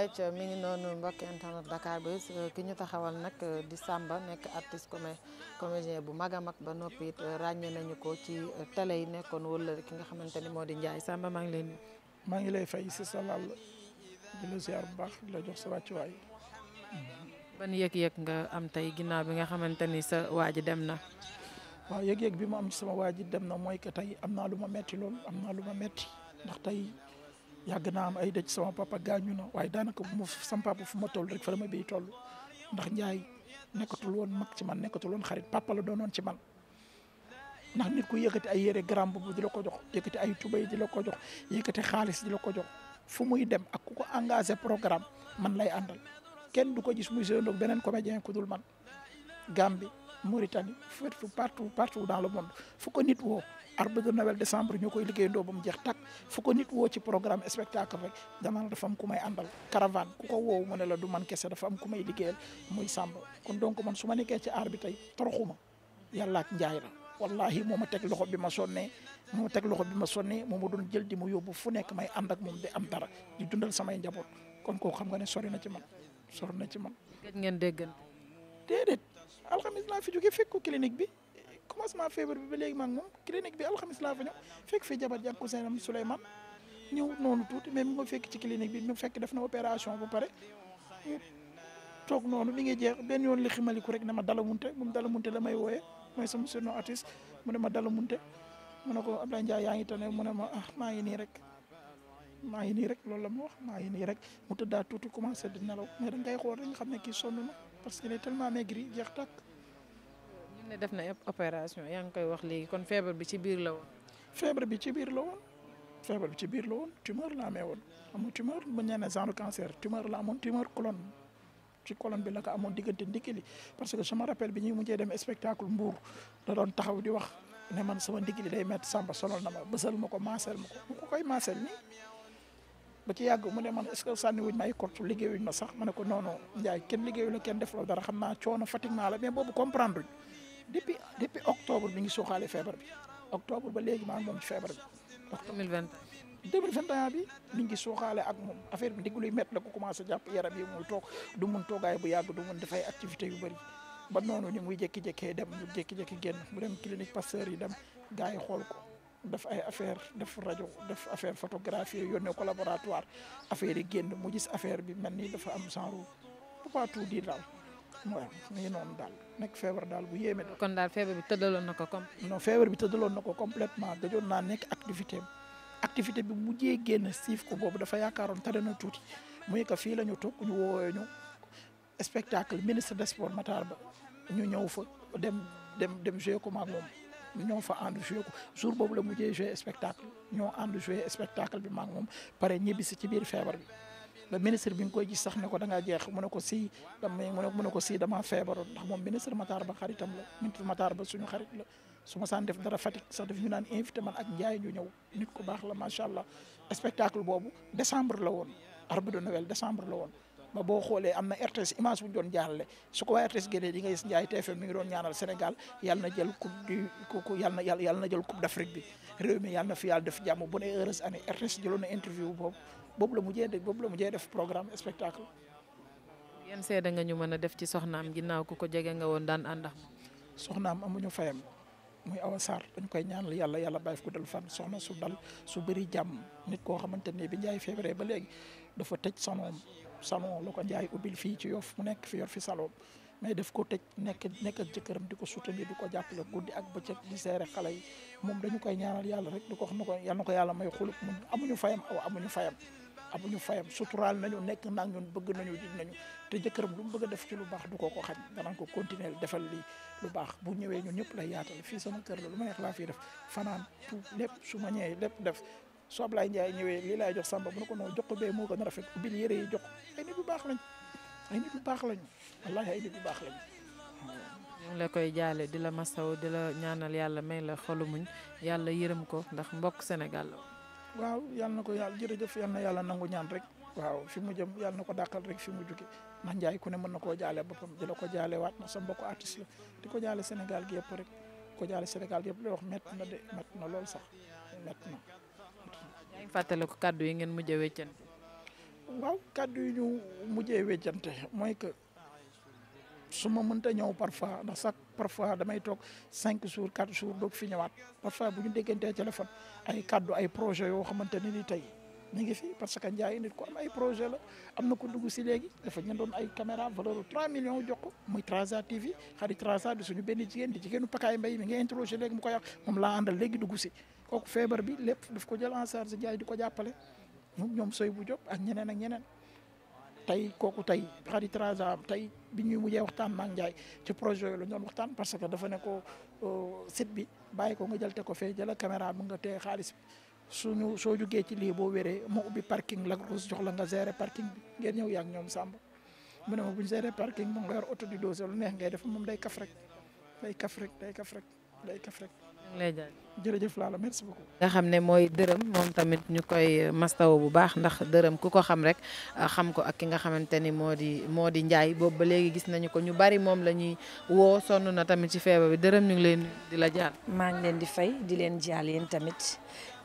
ayca mi ngi noonu mbokk internet Dakar Buzz euh, ki ñu taxawal nag euh, di Samba nekk artiste comé comédien bu mag a mag ba noppi it euh, nañu ko ci tele yi nekkoon wala ki nga xamante ni moo di Ndiaye Samba maa ngi leen maa ngi lay fay si sa lal di la ziar bu baax di la sa wàccuwaay. ban yëg-yëg nga am tey ginnaaw bi nga xamante ni sa waa ji dem na. waaw yëg-yëg bi ma am ci sama waa ji dem na mooy que tey am na lu ma metti lool am na lu ma metti ndax tey. yàgg naa am ay dëj sama papa gaañu na waaye daanaka bu ma sama papa fu ma toll rek fa dama biy toll ndax njaay nekkatul woon mag ci man nekkatul woon xarit papa la doonoon ci man ndax nit ku yëkkati ay yére grand boobu di la ko jox yëkkati ay tubéy di la ko jox yëkkati xaalis di la ko jox fu muy dem ak ku ko engagé programme man lay àndal kenn du ko gis muy séendoog beneen comédien ku dul man Gambie Mauritanie fépp partout partout dans le monde fu ko nit woo arbre de Noël décembre ñu koy liggéeyandoo ba mu jeex takk fu ko nit woo ci programme spectacle rek danaa la dafa am ku may àndal caravane ku ko woow mu ne la du man kese da am ku may liggéeyal muy Samba kon donc man su ma nekkee ci aar bi tey toroxuma yàlla ak njaay la wallahi moo ma teg loxo bi ma sonnee moo teg loxo bi ma sonnee moo ma doon jël di mu yóbbu fu nekk may ànd ak moom di am dara di dundal samay njaboot kon koo xam nga ne sori na ci man sori na ci man. gëj ngeen déggante. déedéet. alxamis laa fi jóge fekk ko clinique bi commencement feebar bi ba léegi maag moom clinique bi alxamis laa fa ñëw fekk fi jabar ji ak Ousseynou Souleymane ñëw noonu tuuti mais mi fekk ci clinique bi mu fekk def na opération bu pare toog noonu mi ngi jeex benn yoon li ximaliku rek ne ma dala munte moom dala munte la may wooye mooy sama surnom artiste mu ne ma dala munte mu a ko Abdoulaye Ndiaye yaa ngi tane mu ne ma ah maa ngi nii rek maa ngi nii rek loolu la ma wax maa ngi nii rek mu tëddaa tuuti commencé nelaw mais dañ koy xool xam ne kii sonn na parce que est tellement maigri jeex tak ñu ne def na opération yaa ngi koy wax léegi kon feebar bi ci biir la woon. feebar bi ci biir la woon feebar bi ci biir la woon tumeur la amee woon amu tumeur bu ñu nee genre cancer tumeur la amoon tumeur colonne ci colonne bi la ko amoon diggante ndigg parce que sama rappel bi ñuy mujjee dem spectacle Mbour da doon taxaw di wax ne man sama ndigg li day métti Samba solol na ma bësal ma ko maaseel ma ko bu ko koy maaseel nii. ba ci yàgg mu ne man est-ce que sànni wuñ ma ay kott liggéeyuñ ma sax ma ne ko non non Ndiaye liggéey liggéeyu la kenn def la dara xam naa coono fatigue naa la mais boobu comprendre luñ depuis depuis octobre bi ngi suuxaale feebar bi octobre ba léegi maa ngi moom ci feebar bi. octobre 2020. 2021 bi mi ngi suuxaale ak moom affaire bi ndiglu yu métti la ko commencé jàpp yaram yi muy toog du mun toogaay bu yàgg du mun dafay activité yu bëri ba noonu ni muy jékki-jékkee dem mu jékki-jékki génn mu dem clinique Pasteur yi dem gars yi xool ko. def ay affaire def rajo def affaire photographie yone ko laboratoire affaire yi génn mu gis affaire bi mel ni dafa am genre pas tout di daal waaw noonu daal nekk feebar daal bu yéeme daal. kon daal feebar bi tëddaloon na ko comme. non feebar bi tëddaloon na ko complètement dajoon naa nekk activité bi activité bi mujjee génn siif ko boobu dafa yaakaaroon tare na tuuti muy que fii la ñu toog ñu woowee ñu spectacle ministre des sports Matar Ba ñu ñëw fa dem dem dem joué ko moom. ñoo fa ànd joué ko jour boobu la mujjee joué spectacle ñoo ànd joué spectacle bi maag moom pare si ci biir feebar bi ba ministre bi nga koy gis sax ne ko da ngaa jeex mu ne ko si damay mu ne ko si damaa feebaroon ndax moom ministre Matar Ba xaritam la ministre Matar Ba suñu xarit la su ma saan def dara Fatick sax daf ñu naan invité man ak Ndiaye ñu ñëw nit ko baax la macha allah spectacle boobu décembre la woon arbre de Noël décembre la woon. ba boo xoolee am na RTS image bu ñu doon jaarale su ko waa RTS génnee di nga gis Ndiaye TFM mi ngi doon ñaanal Sénégal yàlla na jël coupe du ku yàlla na yàlla na jël coupe d'Afrique bi réew mi yàlla na fi yàlla def jàmm bu ne heureuse année RTS jëloon na interview boobu boobu la mujjee boobu la mujjee def programme spectacle. yan seede nga ñu mën a def ci soxnaam ginnaaw ku ko jege nga woon daan àndax. soxnaam amuñu fayam muy Awa Sarr dañ koy ñaanal yàlla yàlla bàyyi ko dal fan soxna su dal su bëri jàmm nit koo xamante ne bi Ndiaye feebaree ba léegi dafa tëj sonoom salon la ko Ndiaye ubbil fii ci Yoff mu nekk fi yor fi salon mais def ko tëj nekk nekk ak jëkkëram di ko soutenir di ko jàppale guddi ak bëccëg di seere xale yi moom dañu koy ñaanal yàlla rek di ko wax na ko yal na ko yàlla may xulub mun amuñu fayam amuñu fayam amuñu fayam suturaal nañu nekk naag ñun bëgg nañu ji nañu te jëkkëram lu mu bëgg a def ci lu baax du ko ko xañ danaan ko continuer defal lii lu baax bu ñëwee ñun ñëpp lay yaatal fii sa kër la lu ma neex laa fii def fanaan tout lépp su ma ñëwee lépp def soo Ablaye Ndiaye ñëwee lii laay jox Samba bo ne ko noonu jox ko bee moo gën a rafet ubbil yére yi jox ay nit bu baax lañ ay nit baax lañ wallaahi bu baax lañ. ñu ngi la koy jaale di la masaw di ñaanal yàlla may la xolu muñ yàlla ko ndax mbokk Sénégal la waaw na ko yàlla jërëjëf yàlla na yàlla nangu ñaan rek waaw fi mu jëm yàlla na ko dàqal rek fi mu jóge ndax Ndiaye ku ne mën na koo jaale boppam di la ko jaale waat na sa mbokk artiste la di ko jaale Sénégal gi yëpp rek ko jaale Sénégal gi yëpp lay wax métti na de métti na lool sax métti ngi fàttaliku kàddu yi ngeen mujjee weccante. waaw kàddu yi ñu mujjee weccante mooy que su ma mënta ñëw parfois ndax sax parfois damay toog cinq jours quatre jours doog fi ñëwaat parfois bu ñu déggantee téléphone ay kàddu ay projet yoo xamante ne ni tey. mi ngi fi parce que Ndiaye nit ko am ay projet la am na ko dugg si léegi dafa ñëndoon ay caméra valeur 3 millions jox ko muy Traza TV xarit Traza di suñu benn jigéen di jigéenu Pakaay Mbay mi ngi interrogé léegi mu koy wax moom laa àndal léegi dugg si kooku feebar bi lépp daf ko jël en charge jaay di ko jàppale ñoom soy bu jóg ak ñeneen ak ñeneen tey kooku tey xarit traza tey bi ñuy mujjee waxtaan maak Ndiaye ci projet yooyu la ñu doon waxtaan parce que dafa ne ko euh, site bi bàyyi ko nga jël te ko fee jëla caméra mu nga teye xaalis bi suñu soo jugee ci lii boo wéree mu ubbi parking la rose jox la nga gérer parking bi ngeen ñëw yaak ñoom Samb mu ne ma bu ñu parking moom nga yor auto di dose lu neex ngay def moom day kaf rek day day kaf jërëjëf Lalla merci nga xam ne mooy dërëm moom tamit ñu koy mastawo bu baax ndax dërëm ku ko xam rek ah, xam ko ak ki nga xamante ni moo di moo di njaay boobu ba léegi gis nañu ko ñu bari moom la ñuy woo sonn na tamit ci feebar bi dërëm ñu ngi leen di la jaal. maa ngi leen di fay di leen jaal yéen tamit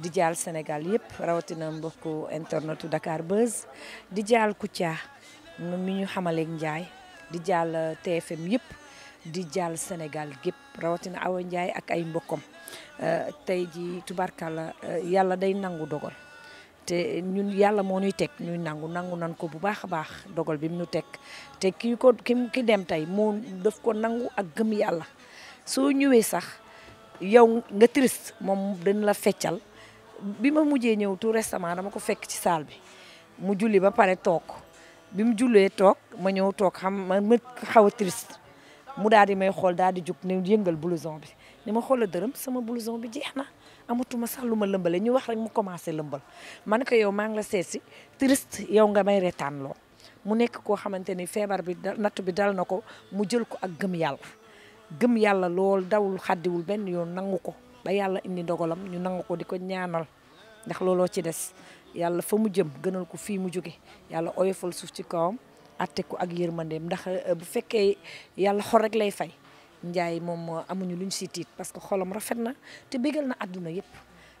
di jaal Sénégal yëpp rawatina mbokku internetu Dakar Buzz di jaal Kouthia mi ñu xamaleeg njaay di jaal TFM yëpp. di jàll Sénégal gépp rawatina Awa njaay ak ay mbokkam euh, tey ji tubarkalla euh, yàlla day nangu dogal te ñun yàlla moo ñuy teg ñuy nangu nangu nan ko bu baax a baax dogal bi mu ñu teg te ki ko ki ki dem tey moo daf ko nangu ak gëm yàlla soo ñëwee sax yow nga moom dañ la feccal bi ma mujjee ñëw tout récemment dama ko fekk ci saal bi mu julli ba pare toog bi mu jullee toog ma ñëw toog xam ma xaw a mu daal di may xool daal di jug ne yëngal blouson bi ni ma xoola dërëm sama blouson bi jeex na amatuma sax lu ma lëmbale ñu wax rek mu commencé lëmbal ma ne ko yow maa ngi la seet si triste yow nga may retaan loo mu nekk koo xamante ni feebar bi natt bi dal na ko mu jël ko ak gëm yàlla gëm yàlla lool dawul xaddiwul benn yoon nangu ko ba yàlla indi ndogalam ñu nangu ko di ko ñaanal ndax looloo ci des yàlla fa mu jëm gënal ko fii mu jóge yàlla oyofal suuf ci kawam atte ko ak yërmandeem ndax euh, bu fekkee yàlla xol rek lay fay Ndiaye moom amuñu luñ si tiit parce que xolam rafet na te bégal na àdduna yëpp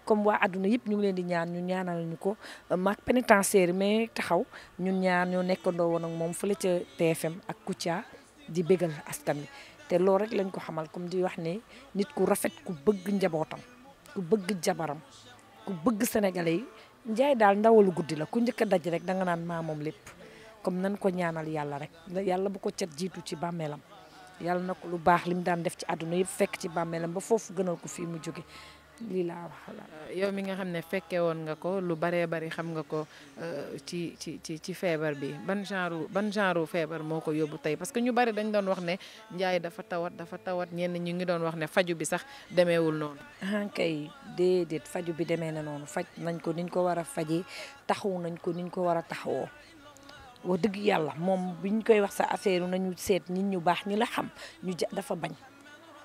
comme waa àdduna yëpp ñu ngi leen di ñaan ñu ñaanal ñu ko euh, maag pénitentiaire mais taxaw ñun ñaan ñoo nekkandoo woon ak moom fële ca TFM ak Kouthia di bégal askan wi te loolu rek lañ ko xamal comme di wax ni nit ku rafet ku bëgg njabootam ku bëgg jabaram ku bëgg sénégalais yi njaay daal ndawalu guddi la ku njëkk a rek danga naan maa moom lépp. comme nan ko ñaanal yàlla rek yàlla bu ko cet jiitu ci bàmmeelam yàlla na ko lu baax li mu daan def ci àdduna yëpp fekk ci bàmmeelam ba foofu gënal ko fii mu jóge lii laa wax euh, yow mi nga xam ne fekke woon nga ko lu baree bari xam nga ko euh, ci ci ci ci feebar bi ban genre ban genre feebar moo ko yóbbu tey parce que ñu bari dañ doon wax ne njaay dafa tawat dafa tawat ñenn ñu ngi doon wax ne faju bi sax demeewul noonu. Ah, kay déedéet faju bi demee na noonu faj nañ ko niñ ko war a fajee taxawu nañ ko niñ ko war a taxawoo. wax dëgg yàlla moom bi ñu koy wax sa affaire nañu seet nit ñu baax ñi la xam ñu dafa bañ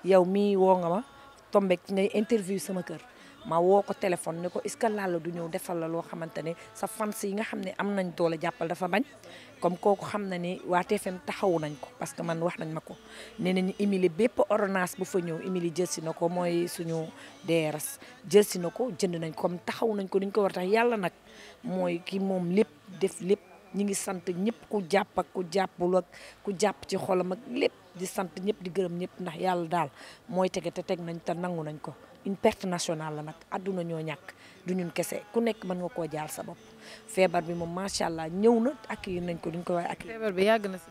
yow mii woo nga ma tombe ngay interview sama kër ma woo ko téléphone ne ko est que Lalla du ñëw defal la loo xamante ne sa fans yi nga xam ne am nañ doole jàppal dafa bañ comme kooku xam na ne waa TFM taxawu nañ ko parce que man wax nañ ma ko nee nañu Émilie bépp ordonnance bu fa ñëw Émilie jël na ko mooy suñu DRS jël si na ko jënd nañ comme taxawu nañ ko duñ ko war tax yàlla nag mooy ki moom lépp def lépp ñi ngi sant ñëpp ku jàpp ak ku jàppul ak ku jàpp ci xolam ak lépp di sant ñëpp di gërëm ñëpp ndax yàlla daal mooy tege te teg nañ te nangu nañ ko une perte nationale la nag àdduna ñoo ñàkk du ñun kese ku nekk mën nga koo jaal sa bopp feebar bi moom macha allah ñëw na ak yi nañ ko duñ ko waaye ak feebar bi yàgg na si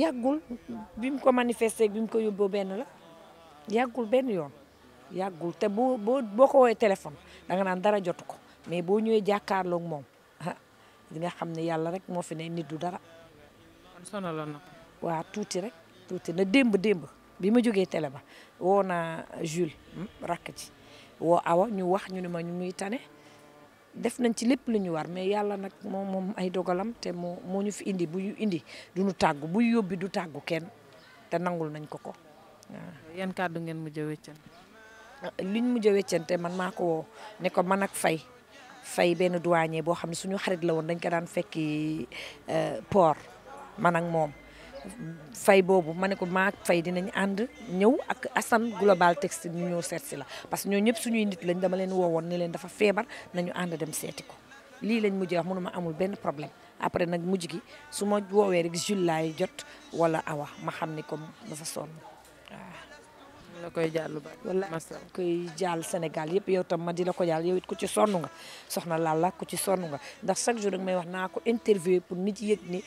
yàggul bi mu ko manifesté bi mu ko yóbboo benn la yàggul benn yoon yàggul te boo boo boo ko woowee téléphone da nga naan dara jotu ko mais boo ñëwee jàkkaarloog moom di nga xam ne yàlla rek moo fi ne nit du dara. kon sonaloon na waaw tuuti rek tuuti na démb démb bi ma jógee télé ba woo naa Jules hmm, rakk ci woo Awa ñu wax ñu ne ma ñu muy tane def nañ ci lépp lu ñu war mais yàlla nag moom moom ay dogalam te moo moo ñu fi indi bu indi du ñu tàggu bu yóbbi du tàggu kenn te nangul nañ ko ko waaw. yan kàddu ngeen mujj a weccante. Ah, liñ mujj a weccante man maa ko woo ne ko man ak Faye fay benn douanier boo xam ne suñu xarit la woon dañ ko daan fekki euh, port man ak moom fay boobu ma ne ko maa fay dinañ ànd ñëw ak asan global textile ñu ñëw seet si la parce que ñoo ñëpp suñuy nit lañ dama leen woowoon ne leen dafa feebar nañu ànd dem seeti ko lii lañ mujjee wax ma amul benn problème après nag mujj gi su ma woowee rek Jules laay jot wala awa ma xam ni comme dafa sonn waaw la koy jàll ba wala koy jàll Sénégal yëpp yow tam ma di la ko jàll yow it ku ci sonn nga soxna laal Lalla ku ci sonn nga ndax chaque jour nag may wax naa ko interview pour nit yëg ni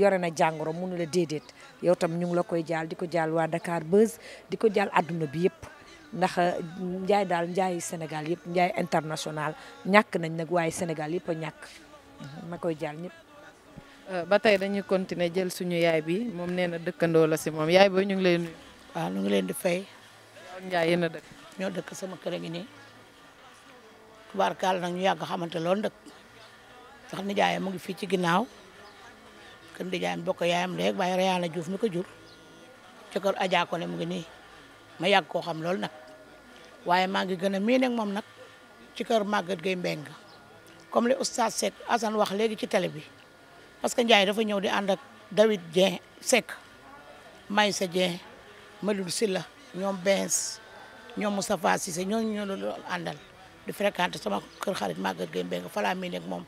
yore na jàngoro mënu la déedéet yow tam ñu ngi la koy jaal di ko jàll waa Dakar Buzz di ko jàll àdduna bi yëpp ndax euh, njaay daal njaay Sénégal yëpp njaay international ñàkk nañ nag waaye Sénégal yëpp a ñàkk mhm, ma koy jàll ñëpp. Euh, ba tey dañuy continuer jël suñu yaay bi moom nee na dëkkandoo la si moom yaay ñu ngi lay leen di fay. ak Ndiaye yéen a dëkk. ñoo dëkk sama kër a ngi nii tubaarkaal nag ñu yàgg xamante loolu nag sax nijaayam mu ngi fii ci ginnaaw kër nijaayam bokk yaayam rek waaye Rayana Diouf mi ko jur ci kër ne mu ngi nii ma yàgg koo xam lool nag waaye maa ngi gën a miin ak moom nag ci kër Maguette Gueye Mbengue comme li oustaz Seck Assane wax léegi ci télé bi parce que Ndiaye dafa ñëw di ànd ak David Dieng Seck Maysa Dieng Malul Silla ñoom Benz ñoom Moustapha Cissé ñooñu ñoo loolu àndal di fréquenté sama kër xarit Maguette Gueye Mbengue falaa mii nekk moom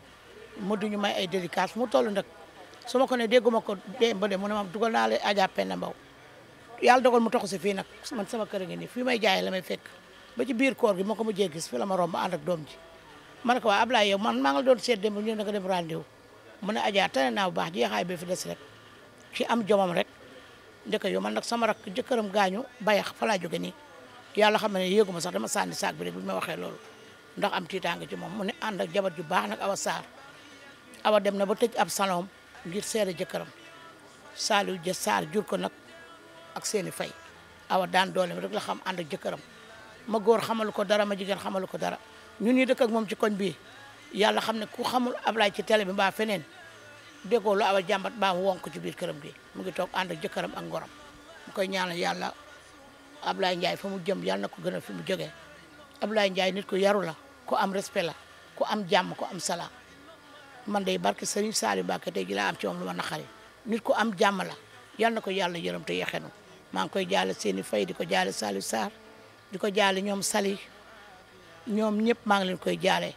mu duñu ma ay dédicace mu toll nag su ma ko ne dégguma ko dee ba de mu ne ma dugal naa la Adja Penda Mbow yàlla dogal mu toxu si fii nag man sama kër a ngi fii may jaay la fekk ba ci biir koor gi ma ko mujjee gis fi la ma romb ànd ak doom ji ma ne ko waa Ablaye yow man maa ngi la doon seet démb ñu ne nga dem rendez-vous mu ne Adja tane naa bu baax jeexaay bi fi des rek ci am jomam rek ndeke yow man nag sama rakk jëkkëram gaañu bayax falaa joge jóge nii yàlla xam ne yéeguma sax ma sànni saak bi rek bi ma waxee loolu ndax am tiitaanga ci moom mu ne ànd ak jabar ju baax nag awa saar awa dem na ba tëj ab salon ngir seede jëkkëram Saliou ja saar jur ko nag ak seeni fay awa daan dooleem rek la xam ànd jëkkëram ma góor xamal ko dara ma jigéen xamalu ko dara ñun ñi dëkk ak moom ci koñ bi yàlla xam ne ku xamul Ablaye ci télé bi mbaa feneen déggoo lu awa jàmbat baa mu wonk ci biir këram gi mu ngi toog ànd ak jëkkëram ak ngoram mu koy ñaanal yàlla Ablaye njaay fa mu jëm yàlla na ko gën a fi mu jógee Ablaye Ndiaye nit ku yaru la ku am respect la ku am jàmm ko am salaam man day barke Serigne saali Mbacké tey ji laa am ci wom lu ma naqari nit ku am jàmm la yàlla na ko yàlla yërëm te yexenu maa ngi koy jaale seeni fay di ko jaale Saliou Sarr di ko jaale ñoom Sali ñoom ñëpp maa ngi leen koy jaale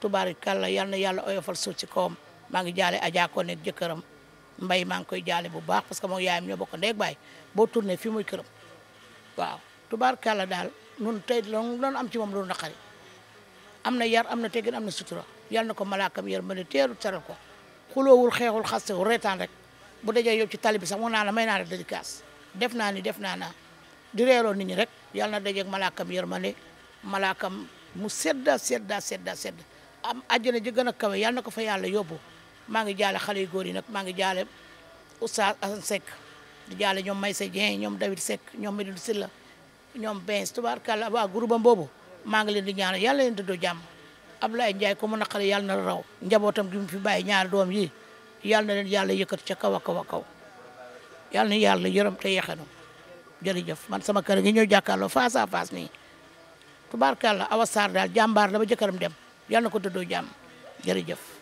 tubaarikàlla yal na yàlla oyofal suuf ci kawam maa ngi jaale Adja Koné jëkkëram mbay maa ngi koy jaale bu baax parce que moom yaayam ñoo bokk ndeeg baay boo tourné fii muy këram waaw tubaar tubaarkàlla daal nun tey loolu am ci moom na naqari am na yar am na teggin am na sutura yal na ko malaakam yar ma ne teeru teral ko xuloowul xeexul xastewul reetaan rek bu dajee yow ci tali bi sax mun naa la may naa la dédicace def naa ni def naa naa di nit ñi rek yal na dajeeg malaakam yar ma ne malaakam mu sedda sedda sedda sedda am àjjana ji gën a kawe yal na ko fa yàlla yóbbu maa ngi jaale xale yu góor yi nag maa ngi jaale Oustaz Assane Seck di jaale ñoom Maysa Dieng ñoom David sek ñoom Medul Silla ñoom Benz tubaarkàlla waa groupe am boobu maa ngi leen di ñaanal yàlla leen dëddoo jàmm Ablaye Ndiaye ko mu naqare yàlla na la njabootam gi mu fi bàyyi doom yi yàlla na leen yàlla yëkkat ca kaw a kaw a kaw yàlla na yàlla yërëm te yeexenu jërëjëf man sama kër gi ñëw jàkkaarloo face à face nii tubaarkàlla Awa Sarr daal jàmbaar la ba jëkkëram dem yàlla na ko dëddoo jàmm jërëjëf